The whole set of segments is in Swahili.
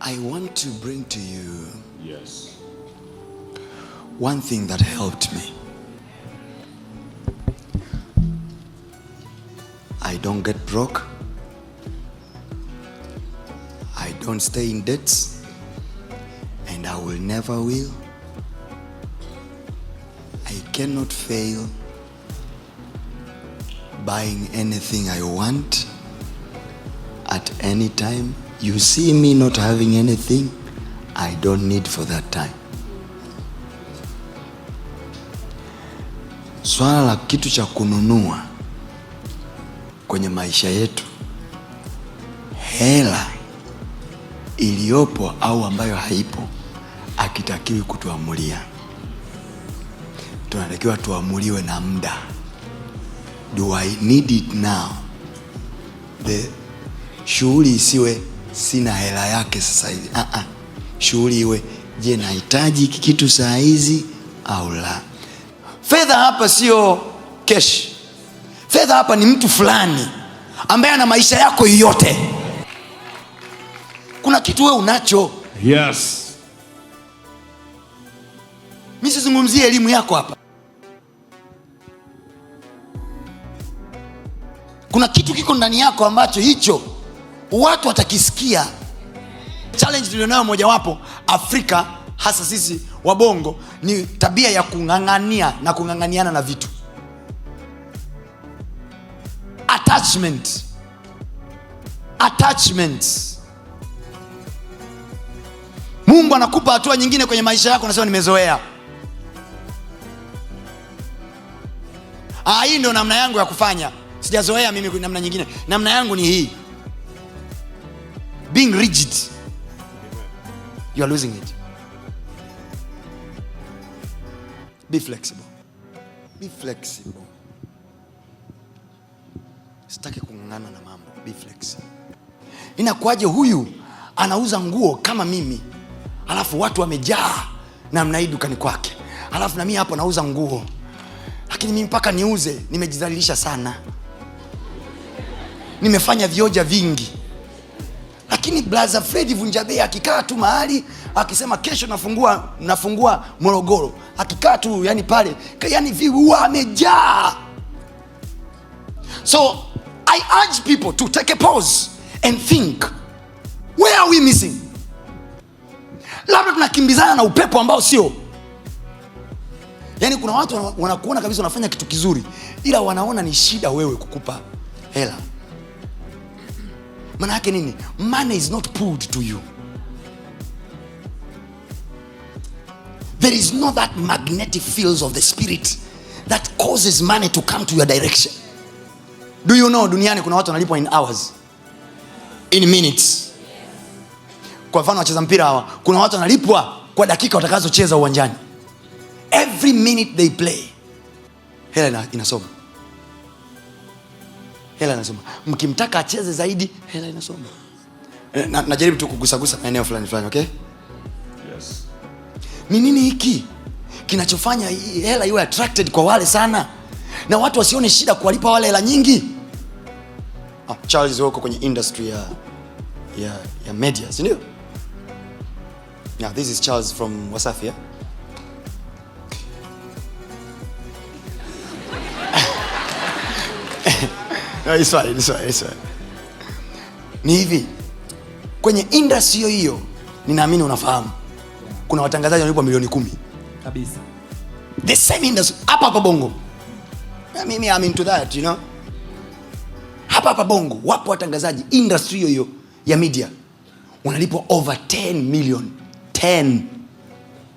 I want to bring to you yes. one thing that helped me. I don't get broke. I don't stay in debts. And I will never will. I cannot fail buying anything I want at any time You see me not having anything I don't need for that time. Swala la kitu cha kununua kwenye maisha yetu, hela iliyopo au ambayo haipo, akitakiwi kutuamulia. Tunatakiwa tuamuliwe na muda. Do I need it now? The shughuli isiwe sina hela yake sasa hivi. Ah ah, shughuli iwe, je, nahitaji kitu saa hizi au la? Fedha hapa sio kesh, fedha hapa ni mtu fulani ambaye ana maisha yako yote. Kuna kitu wewe unacho. Yes, mimi sizungumzie elimu yako hapa. Kuna kitu kiko ndani yako ambacho hicho watu watakisikia. Challenge tulionayo mojawapo Afrika, hasa sisi wabongo, ni tabia ya kung'ang'ania na kung'ang'aniana na vitu attachment attachment. Mungu anakupa hatua nyingine kwenye maisha yako, unasema nimezoea. Ah, hii ndio namna yangu ya kufanya, sijazoea mimi. Namna nyingine, namna yangu ni hii being rigid, you are losing it. Be flexible. Be flexible. Sitaki kung'ang'ana na mambo. Be flexible. Inakuwaje huyu anauza nguo kama mimi, alafu watu wamejaa namna hii dukani kwake, alafu na mimi hapo nauza nguo, lakini mimi mpaka niuze, nimejidhalilisha sana, nimefanya vioja vingi lakini brother Fred Vunjabei akikaa tu mahali akisema kesho nafungua nafungua Morogoro, akikaa tu yani pale yani viu amejaa. So I urge people to take a pause and think where are we missing? Labda tunakimbizana na upepo ambao sio yani kuna watu wanakuona kabisa wanafanya kitu kizuri, ila wanaona ni shida wewe kukupa hela. Maana yake nini? Money is not pulled to you. There is no that magnetic fields of the spirit that causes money to come to your direction. Do you know duniani kuna watu wanalipwa in hours. In minutes. Kwa mfano wacheza mpira hawa, kuna watu wanalipwa kwa dakika watakazocheza uwanjani. Every minute they play. Hela inasoma hela inasoma. Mkimtaka acheze zaidi, hela inasoma. Eh, na, najaribu tu kugusagusa maeneo fulani fulani, okay? Yes. Ni nini hiki kinachofanya hela iwe attracted kwa wale sana na watu wasione shida kuwalipa wale hela nyingi? Ah, Charles wako kwenye industry ya ya ya media, si ndio? Now this is Charles from Wasafi. Yeah? Ah, ni Ni hivi kwenye industry hiyo hiyo, ninaamini unafahamu kuna watangazaji wanalipwa milioni kumi kabisa, the same industry, hapa hapa Bongo. Mimi I'm into that, you know, hapa hapa Bongo wapo watangazaji industry hiyo hiyo ya media wanalipwa over 10 million 10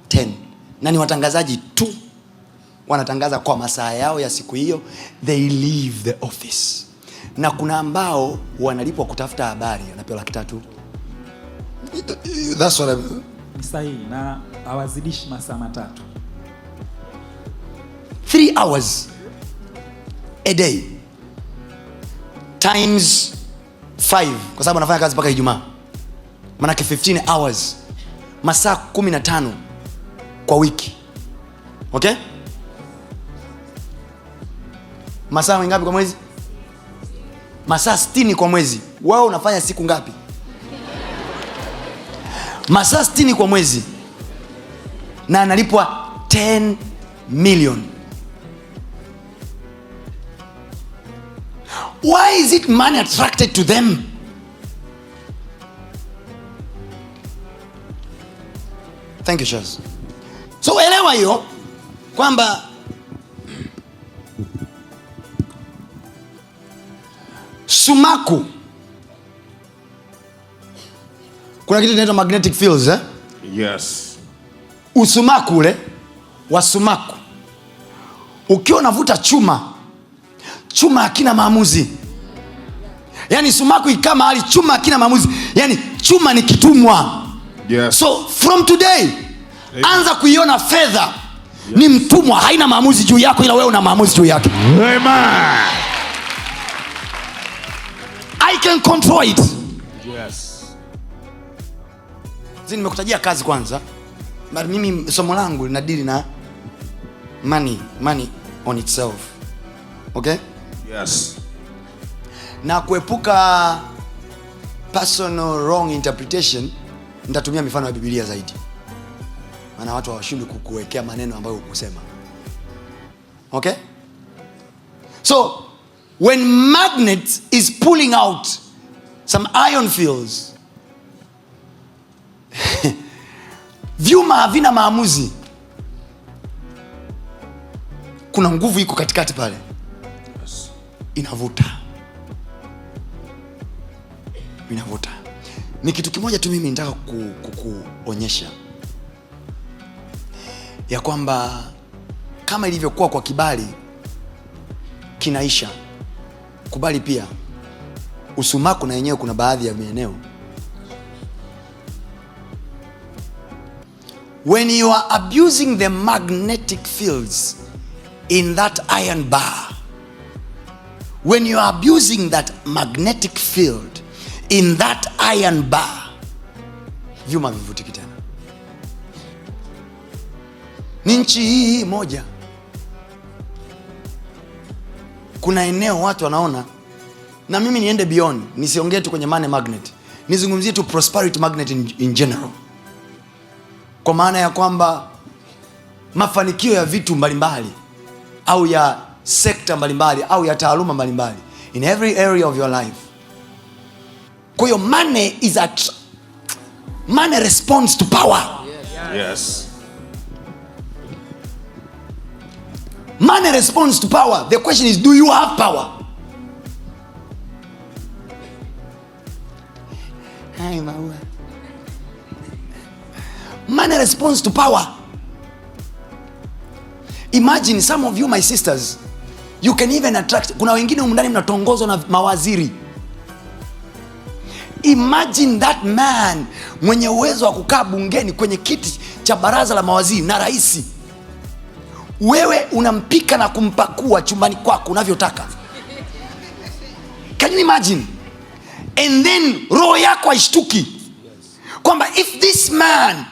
10, na ni watangazaji tu wanatangaza kwa masaa yao ya siku hiyo, they leave the office na kuna ambao wanalipwa kutafuta habari anapewa laki tatu. That's what na awazidishi masaa matatu, th hours a day times five, kwa sababu anafanya kazi mpaka Ijumaa, manake 15 hours, masaa 15 kwa wiki okay? masaa mengapi kwa mwezi? masaa 60 kwa mwezi. wao unafanya siku ngapi? Masaa 60 kwa mwezi, na analipwa 10 million. Why is it money attracted to them? Thank you, Charles. So elewa hiyo kwamba sumaku. Kuna kitu kinaitwa magnetic fields eh? Yes. Usumaku ule wa sumaku, ukiwa unavuta chuma, chuma hakina maamuzi. Yaani sumaku ikaa mahali, chuma hakina maamuzi, yaani chuma ni kitumwa. Yes. So from today Amen. Anza kuiona fedha Yes. Ni mtumwa, haina maamuzi juu yako, ila wewe una maamuzi juu yake. Amen. I can control it. Yes. Zini Nimekutajia kazi kwanza, bali mimi somo langu linadili na money, money on itself. Okay? Yes. Na kuepuka personal wrong interpretation, nitatumia mifano ya Biblia zaidi, maana watu hawashindwi kukuwekea maneno ambayo ukusema. Okay? So when magnet is pulling out some iron fields vyuma havina maamuzi kuna nguvu iko katikati pale inavuta inavuta ni kitu kimoja tu mimi nitaka kukuonyesha ya kwamba kama ilivyokuwa kwa kibali kinaisha kubali pia usumaku na yenyewe, kuna baadhi ya maeneo when you are abusing the magnetic fields in that iron bar when you are abusing that magnetic field in that iron bar, vyuma vivutiki tena. Ni nchi hii moja kuna eneo watu wanaona, na mimi niende beyond, nisiongee tu kwenye mane magnet, nizungumzie tu prosperity magnet in, in general, kwa maana ya kwamba mafanikio ya vitu mbalimbali au ya sekta mbalimbali au ya taaluma mbalimbali in every area of your life. Kwa hiyo mane is a money responds to power. Yes. Yes. Money responds to power. The question is, do you have power? Hi, maua. Money responds to power. Imagine some of you my sisters, you can even attract. Kuna wengine umundani ndani mnatongozwa na mawaziri. Imagine that man mwenye uwezo wa kukaa bungeni kwenye kiti cha baraza la mawaziri na raisi wewe unampika na kumpakua chumbani kwako unavyotaka. Can you imagine? And then roho yako haishtuki kwamba if this man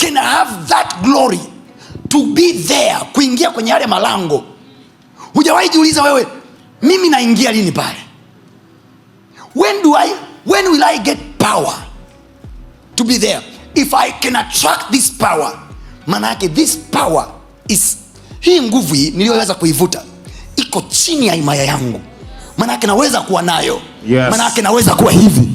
can have that glory to be there, kuingia kwenye yale malango. Hujawahi jiuliza wewe, mimi naingia lini pale? When do I, when will I get power to be there? If I can attract this power, maana yake this power is hii nguvu hii niliyoweza kuivuta iko chini ya imaya yangu, manake naweza kuwa nayo yes. manake naweza kuwa hivi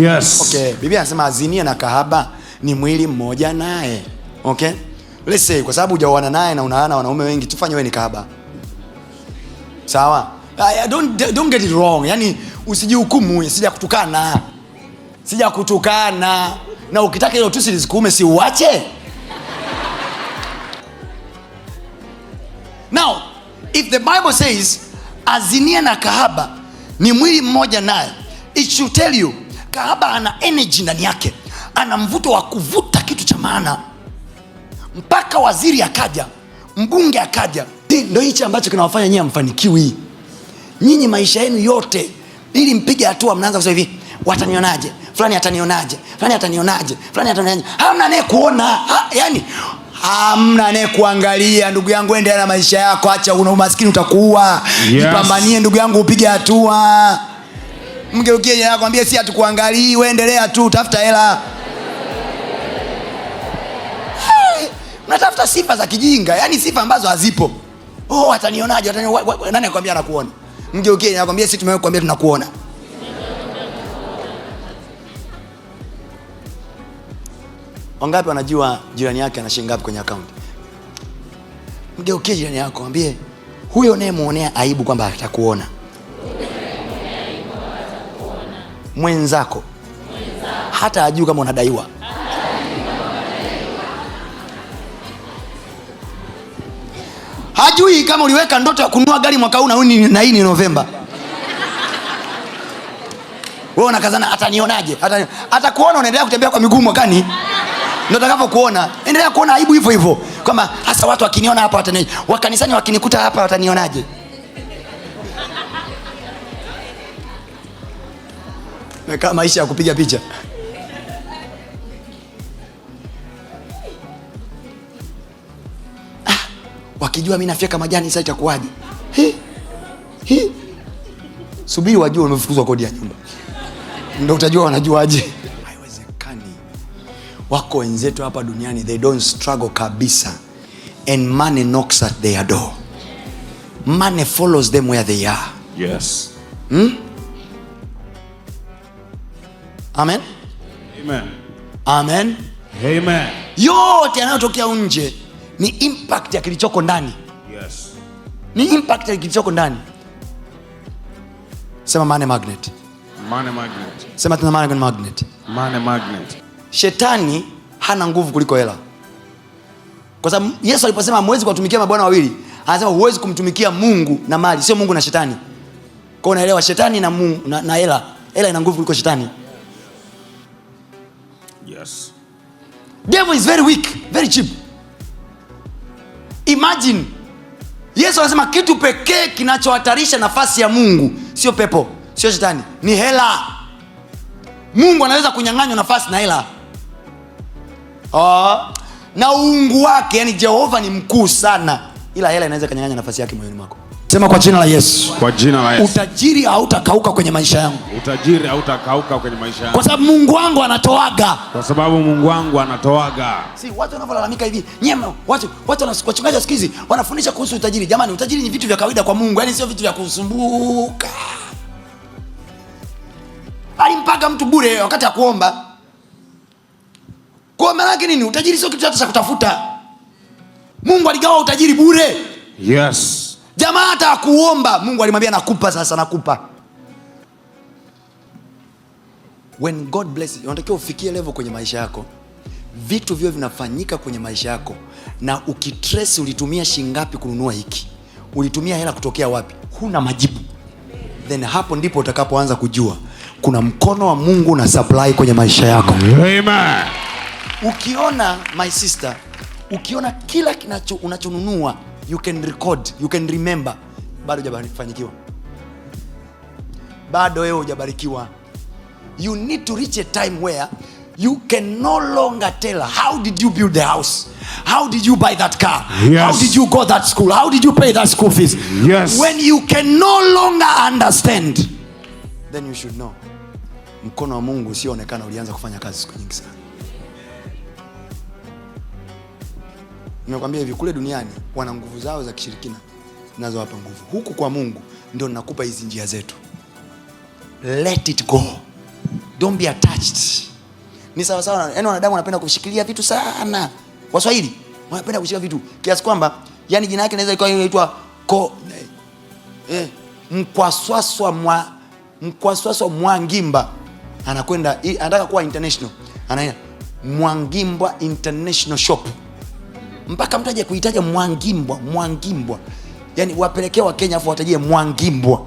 yes. Okay. Biblia anasema azinia na kahaba ni mwili mmoja naye. Okay, let's say kwa sababu ujaana naye na unaana wanaume wengi, tufanye we ni kahaba, sawa? I don't, don't get it wrong. Yani usijihukumu, sija kutukana, sija kutukana, na ukitaka hilo tusi lisikuume, si Now, if the Bible says azinia na kahaba ni mwili mmoja naye, it should tell you kahaba ana energy ndani yake, ana mvuto wa kuvuta kitu cha maana, mpaka waziri akaja, mbunge akaja. Ndio hichi ambacho kinawafanya nyinyi hamfanikiwi. Nyinyi maisha yenu yote ili mpige hatua, mnaanza kusema hivi, watanionaje? Fulani atanionaje? Fulani atanionaje? Fulani atanionaje? Hamna naye kuona ha, yani Hamna anayekuangalia ndugu yangu, endelea na maisha yako, acha una umaskini utakuua. Yes. ndugu yangu, upige hatua. Mgeukie jina lako mwambie si hatukuangalii, weendelea endelea tu, tafuta hela. Hey, mnatafuta sifa za kijinga, yani sifa ambazo hazipo. Oh, watanionaje? Watani, nani akwambia anakuona? Mgeukie jina lako mwambie si tumekwambia tunakuona. Wangapi wanajua jirani yake ana shilingi ngapi kwenye akaunti? Mgeukie jirani yako, mwambie huyo unayemwonea aibu kwamba atakuona mwenzako hata ajui kama unadaiwa. Hajui kama uliweka ndoto ya kununua gari mwaka huu na hii ni Novemba. Wewe unakazana atanionaje? Atakuona unaendelea kutembea kwa miguu mwakani ndo takavyokuona Endelea kuona aibu hivyo hivyo, kwamba hasa watu wakiniona hapa watani, wakanisani wakinikuta hapa watanionaje? Nakaa maisha ya kupiga picha. Ah, wakijua mi nafyeka majani sasa itakuwaje? Subiri wajua wamefukuzwa kodi ya nyumba, ndo utajua wanajuaje. Wako wenzetu hapa duniani they don't struggle kabisa, and money knocks at their door. Money follows them where they are. Yes. Hmm? Amen. Amen. Amen. Amen. Yote yanayotokea nje ni impact ya kilichoko ndani. Yes. Ni impact ya kilichoko ndani. Sema money magnet. Money magnet. Sema tena money magnet. Money magnet. Shetani hana nguvu kuliko hela, kwa sababu Yesu aliposema amwezi kuwatumikia mabwana wawili, anasema huwezi kumtumikia Mungu na mali, sio Mungu na shetani. Kwa unaelewa, shetani na hela, hela ina nguvu kuliko shetani. Yes. Devil is very weak, very cheap. Imagine Yesu anasema kitu pekee kinachohatarisha nafasi ya Mungu sio pepo, sio shetani, ni hela. Mungu anaweza kunyang'anywa nafasi na hela oh, na uungu wake. Yani Jehova ni mkuu sana, ila hela inaweza kanyang'anya nafasi yake moyoni mwako. Sema kwa jina la Yesu. Kwa jina la Yesu. Utajiri hautakauka kwenye maisha yangu. Utajiri hautakauka kwenye maisha yangu. Kwa sababu Mungu wangu anatoaga. Kwa sababu Mungu wangu anatoaga. Si watu wanavyolalamika hivi. Nyema, watu watu wanachungaji siku hizi wanafundisha kuhusu utajiri. Jamani, utajiri ni vitu vya kawaida kwa Mungu, yani sio vitu vya kusumbuka. Alimpaga mtu bure wakati ya kuomba. Kwa maana yake nini? Utajiri sio kitu hata cha kutafuta. Mungu aligawa utajiri bure. Yes. Jamaa hata akuomba, Mungu alimwambia nakupa, sasa nakupa. When God bless you, unatakiwa ufikie level kwenye maisha yako, vitu vyo vinafanyika kwenye maisha yako, na ukitrace ulitumia shingapi kununua hiki, ulitumia hela kutokea wapi, huna majibu. Then hapo ndipo utakapoanza kujua kuna mkono wa Mungu na supply kwenye maisha yako. Amen. Ukiona my sister, ukiona kila kinacho unachonunua you can record, you can remember, bado hujafanikiwa, bado wewe hujabarikiwa. You need to reach a time where you can no longer tell how did you build the house how did you buy that car yes. how did you go that school how did you pay that school fees yes. when you can no longer understand then you should know mkono wa Mungu usioonekana ulianza kufanya kazi siku nyingi sana Nimekwambia hivi, kule duniani wana nguvu zao za kishirikina nazowapa nguvu, huku kwa Mungu ndio ninakupa hizi njia zetu. Let it go, don't be attached. Ni sawa sawa, yani wanadamu wanapenda kushikilia vitu sana. Waswahili wanapenda kushika vitu kiasi kwamba yani jina yake inaweza ikawa inaitwa ko eh, mkwaswaswa mwa mkwaswaswa Mwangimba anakwenda anataka kuwa international, anaenda Mwangimba International Shop mpaka mtu aje kuitaja Mwangimbwa, Mwangimbwa, yani wapelekee kenya afu watajie Mwangimbwa,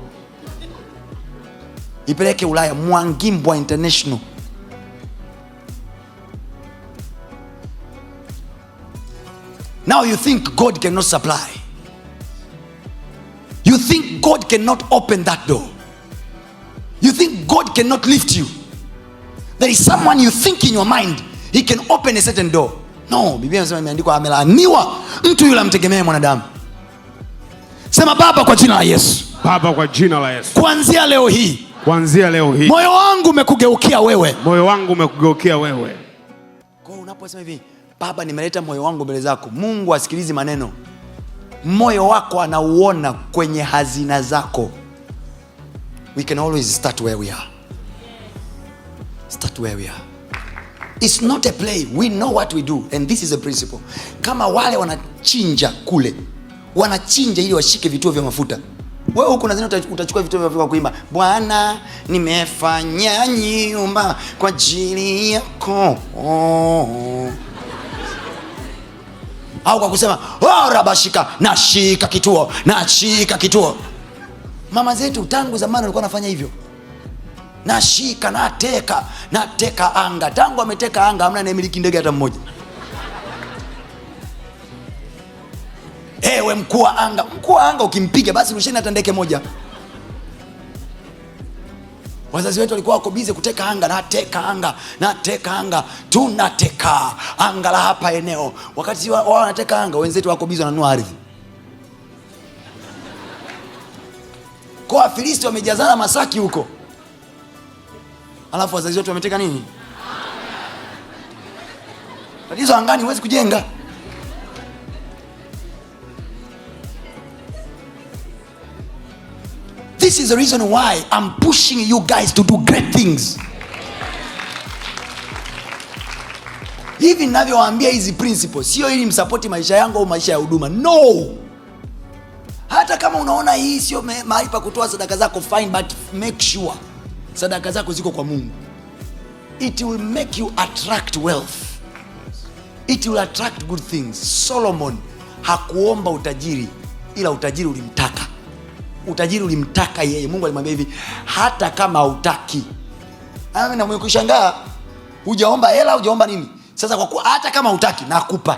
ipeleke Ulaya Mwangimbwa International. Now you think God cannot supply. You think God cannot open that door. You think God cannot lift you. There is someone you think in your mind, he can open a certain door. No, Biblia nasema imeandikwa, amelaaniwa mtu yule amtegemee mwanadamu. Sema Baba, kwa jina la Yesu, Baba, kwa jina la Yesu, kuanzia leo hii, kuanzia leo hii moyo wangu umekugeukia wewe, moyo wangu umekugeukia wewe. Kwa unaposema hivi, Baba, nimeleta moyo wangu mbele zako, Mungu asikilizi maneno, moyo wako anauona kwenye hazina zako. We can always start where we are, start where we are. It's not a play. We know what we do and this is a principle. Kama wale wanachinja kule, wanachinja ili washike vituo vya mafuta. Wewe huko nazini utachukua vituo vya kuimba, Bwana nimefanya nyumba kwa ajili yako, au kwa kusema oh, rabashika, nashika kituo, nashika kituo. Mama zetu tangu zamani walikuwa wanafanya hivyo nashika nateka nateka anga. Tangu ameteka anga amna anayemiliki ndege hata mmoja. Ewe mkuu wa anga, mkuu wa anga ukimpiga basi rusheni hata ndege moja. Wazazi wetu walikuwa wako bize kuteka anga, nateka anga, nateka anga, tunateka anga la hapa eneo. Wakati wao wanateka anga, wenzetu wako bize wananua ardhi. Kwa Wafilisti wamejazana Masaki huko alafu wazazi wetu wameteka nini? Tatizo angani huwezi kujenga. This is the reason why I'm pushing you guys to do great things. Hivi ninavyowaambia hizi principles sio ili msapoti maisha yangu au maisha ya huduma. No. Hata kama unaona hii sio mahali pa kutoa sadaka zako fine, but make sure sadaka zako ziko kwa Mungu. It will make you attract wealth. It will attract good things. Solomon hakuomba utajiri, ila utajiri ulimtaka. Utajiri ulimtaka yeye. Mungu alimwambia hivi, hata kama hautaki. Nami na mwenye kushangaa, hujaomba hela, hujaomba nini? Sasa kwa kuwa hata kama hautaki, nakupa.